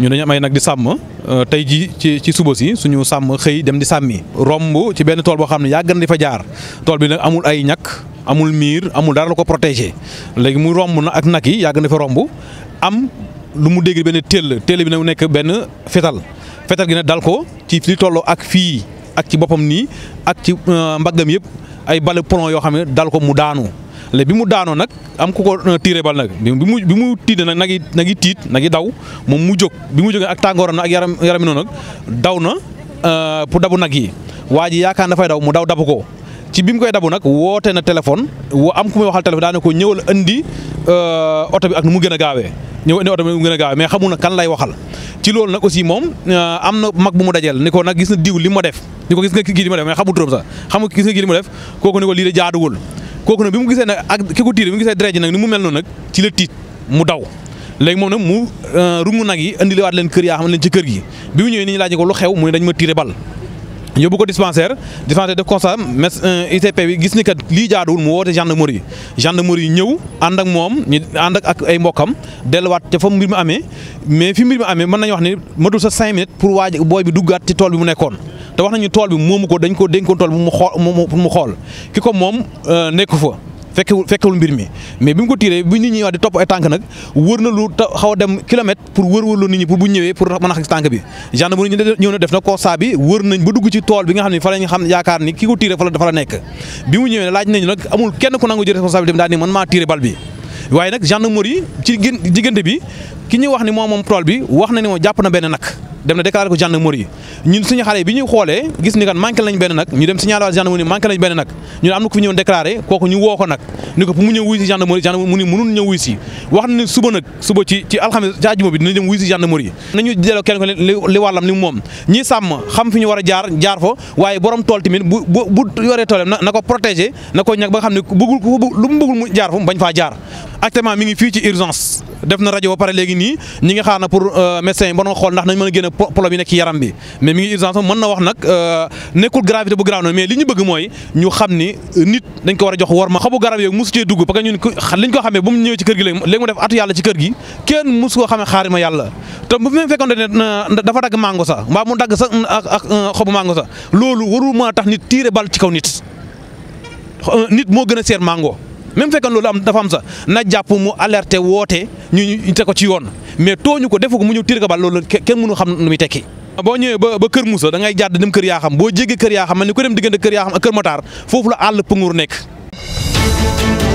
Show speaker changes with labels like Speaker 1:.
Speaker 1: ñu dañu am nag di sàmm euh, tey jii ci ci suba si suñu sàmm xëy dem di sàmmi romb ci benn tool boo xam ne yàgg na di fa jaar tool bi nag amul ay ñàkk amul miir amul dara la ko protégé léegi mu romb na ak nag yi yàgg na fa romb am lu mu dégg benn téel téel bi nag nekk benn fetal fetal gi nag dal ko ci li tolloo ak fii ak ci boppam nii ak ci euh, mbaggam yëpp. ay bale plomb yoo xam ne dal ko mu daanu léegi bi mu daanoo nag am ku ko euh, tiire bal nag bi mu bi mu tiit nag nag yi nag yi tiit nag yi daw moom mu jóg bi mu jógee ak tàngooram ak yaram yaram noonu nag daw na euh, pour dabu nag yi waa ji yaakaar dafay daw mu daw dabu ko ci bi mu koy dabu nag woote na téléphone woo am ku muy waxal téléphone daane ko ñëwal indi euh, oto bi ak nu mu gën a gaawee ñëw indi oto bi nu mu gën a gaawee mais xamul na kan lay waxal ci loolu nag aussi moom am na mag bu mu dajeel ni ko nag gis na diw li ma def. ni ko gis nga kii li ma def mais xamul turam sax xam gis nga kii li ko lii jaaduwul kooku nag bi mu gisee nag ak ki ko bi mu gisee deret ji nag ni mu mel noonu nag ci la mu daw léegi moom nag mu euh, rungu nag yi indilewaat leen kër yaa xam leen ci kër gi bi mu ñu laaj ko lu xew dañ ma tiré bal yóbbu ko dispensaire dispensaire def constat mes euh, ICP bi gis ni kat lii jaaduwul mu woote gendarmerie gendarmerie ñëw ànd moom ñu ànd ak ay mbokkam delluwaat ca fa mbir mu amee mais fi mbir mi amee mën nañu wax ni matul sa cinq minutes pour waaj booy bi duggaat ci tool bi mu nekkoon te wax nañu tool bi moomu ko dañ ko dénkoon tool bu mu xool mu xool ki ko moom euh, nekk fa fekkewul fekkewul mbir mi mais bi mu ko tiiree bu nit ñi wax di topp ay tànk nag wër na lu xaw a dem kilomètre pour wër-wërlu nit ñi pour bu ñëwee pour mën a xas tànk bi gendarmerie ñu ñëw na def na constat bi wër nañ ba dugg ci tool bi nga xam ne fa lañ xam yaakaar ni ki ko tiiree fa la nekk bi mu ñëwee laaj nañu nag amul kenn ku nangu jël responsabilité bi daal ni man maa tiiree bal bi waaye nag gendarmerie ci diggante bi ki ñu wax ni moom moom tool bi wax na ni moom jàpp na benn nag dem na déclaré ko gendarmerie ñun suñu xale bi ñu xoolee gis ni kan manqué lañ benn nag ñu dem signalé waat gendarmerie manqué lañ benn nag ñu ne am na ko fi ñëwoon déclaré ko nag ni ko pour mu ñëw wuy si gendarmerie gendarmerie mu ni mënul ñëw na suba nag suba ci bi dinañ dem wuy si gendarmerie nañu delloo kenn ko li wàllam li moom ñi sàmm xam fi ñu war a jaar jaar fo waaye borom tool tamit bu bu yoree toolam na ko protégé na ko ñag ba xam ne bëggul lu mu bëggul mu jaar fa bañ faa jaar actuellement mi ngi fii ci urgence def na rajo ba pare léegi nii ñi nga xaar na pour euh, médecin yi ba xool ndax nañ mën a génne problème yi nekk ci yaram bi mais mi ngi urgence mën na wax nag euh, nekkul gravité bu grave noonu li ñu bëgg mooy ñu xam ni euh, nit dañ ko war a jox war ma xabu garab yooyu mosu cee dugg parce que ñun liñ ko xamee ba mu ñëwee ci kër gi léegi léegi mu def atu yàlla ci kër gi kenn mosu koo xamee xaari ma yàlla te bu fi fekkoon dafa dagg mango sa mbaa dagg sa ak xobu mango sa loolu warul mën tax nit tiire bal ci kaw nit nit moo gën seer mango même fekkan loolu am dafa am sax na jàpp mu alerté woote ñu te ko ci yoon mais tooñu ko defu ko mu ñëw tiir ko bal loolu kenn mënu xam nu muy tekki boo ñëwee ba Kër Moussa da ngay jàdd dem kër yaa xam boo jegee kër yaa xam man ni ko dem diggante kër yaa xam ak kër Matar foofu la àll pënguur nekk